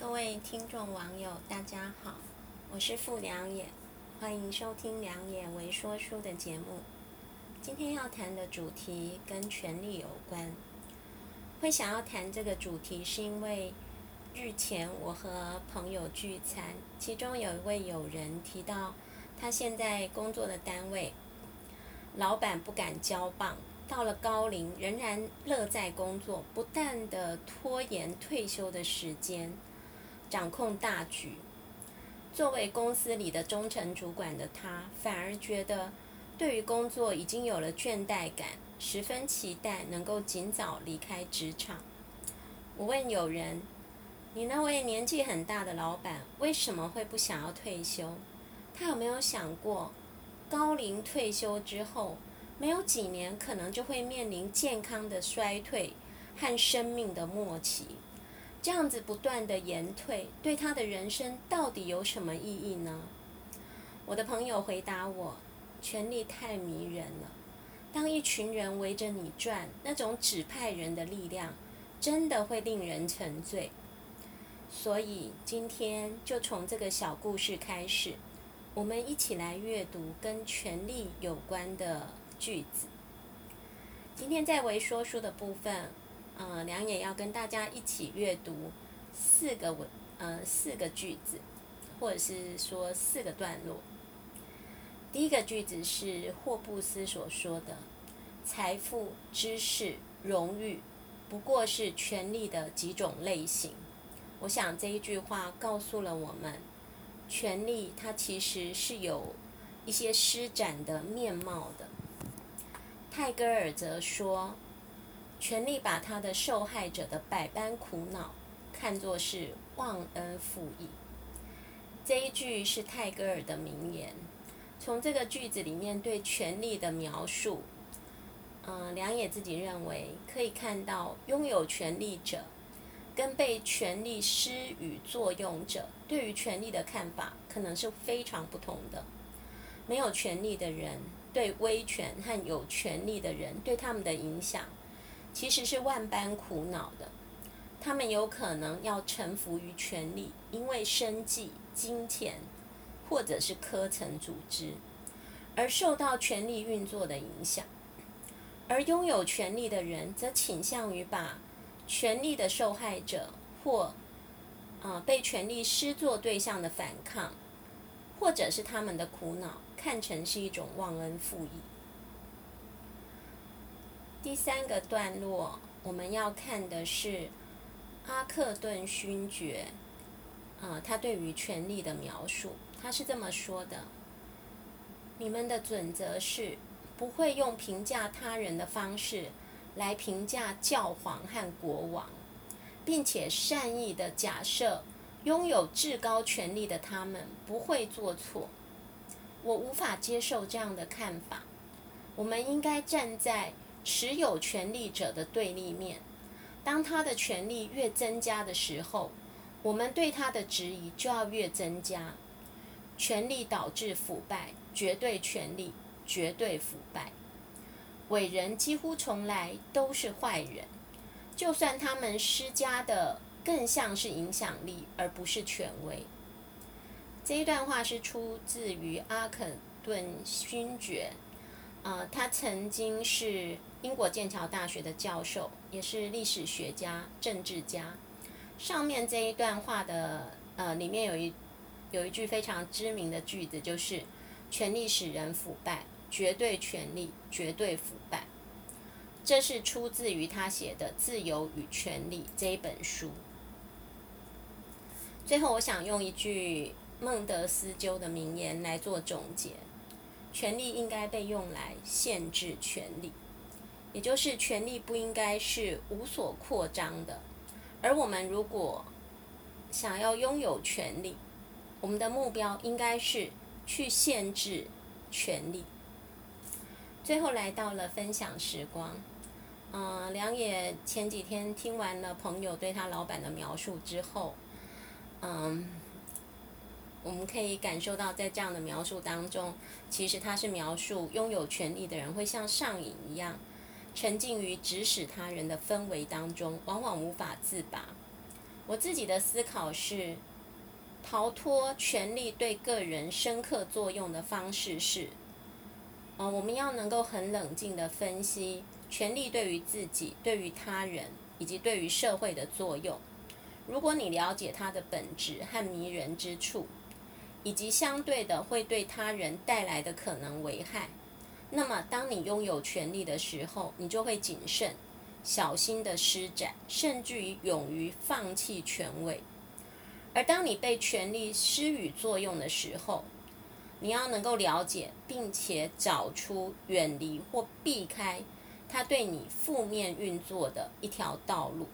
各位聽眾網友，大家好，我是傅良也，歡迎收聽《良也微說書》的節目。今天要談的主題跟權力有關。會想要談這個主題，是因為日前我和朋友聚餐，其中有一位友人提到，他現在工作的單位老闆不敢交棒，到了高齡仍然樂在工作，不斷的拖延退休的時間。掌控大局，作為公司裡的中層主管的他，反而覺得對於工作已經有了倦怠感，十分期待能夠儘早離開職場。我問友人：“你那位年紀很大的老板為什麼會不想要退休？他有沒有想過，高齡退休之後，沒有幾年可能就會面臨健康的衰退和生命的末期？”這樣子不斷的延退，對他的人生到底有什麼意義呢？我的朋友回答我：權力太迷人了，當一群人圍着你轉，那種指派人的力量，真的會令人沉醉。所以今天就從這個小故事開始，我們一起來閱讀跟權力有關的句子。今天在微說書的部分。呃、嗯，良也要跟大家一起閱讀四個文，呃，四個句子，或者是說四個段落。第一個句子是霍布斯所說的：“財富、知識、榮譽，不過是權力的幾種類型。”我想這一句話告訴了我們，權力它其實是有，一些施展的面貌的。泰戈爾則說。權力把他的受害者的百般苦惱看作是忘恩負義。這一句是泰戈爾的名言。從這個句子裡面對權力的描述，嗯、呃，良也自己認為可以看到，擁有權力者跟被權力施與作用者對於權力的看法可能是非常不同的。沒有權力的人對威權和有權力的人對他們的影響。其實是萬般苦惱的，他們有可能要臣服於權力，因為生計、金錢，或者是科層組織，而受到權力運作的影響。而擁有權力的人，則傾向於把權力的受害者或啊、呃、被權力施作對象的反抗，或者是他們的苦惱，看成是一種忘恩負義。第三個段落，我們要看的是阿克頓勳爵，呃，他對於權力的描述，他是這麼說的：“你們的準則是不會用評價他人的方式來評價教皇和國王，並且善意地假設擁有至高權力的他們不會做錯。”我無法接受這樣的看法。我們應該站在。持有權力者的對立面，當他的權力越增加的時候，我們對他的質疑就要越增加。權力導致腐敗，絕對權力絕對腐敗。偉人幾乎從來都是壞人，就算他們施加的更像是影響力而不是權威。這一段話是出自於阿克頓勳爵，啊、呃，他曾經是。英國劍橋大學的教授，也是歷史學家、政治家。上面這一段話的呃裡面有一有一句非常知名的句子，就是“權力使人腐敗，絕對權力絕對腐敗”。這是出自於他寫的《自由與權利權力》這一本書。最後，我想用一句孟德斯鳩的名言來做總結：“權力應該被用來限制權力。”也就是權力不應該是無所擴張的，而我們如果想要擁有權力，我們的目標應該是去限制權力。最後來到了分享時光，呃、嗯，良也前幾天聽完了朋友對他老板的描述之後，嗯，我們可以感受到在這樣的描述當中，其實他是描述擁有權力的人會像上癮一樣。沉浸於指使他人的氛圍當中，往往無法自拔。我自己的思考是，逃脫權力對個人深刻作用的方式是，嗯、哦，我們要能夠很冷靜的分析權力對於自己、對於他人以及對於社會的作用。如果你了解它的本質和迷人之處，以及相對的會對他人帶來的可能危害。那麼，當你擁有權力的時候，你就會謹慎、小心的施展，甚至於勇於放棄權位；而當你被權力施與作用的時候，你要能夠了解，並且找出遠離或避開它對你負面運作的一條道路。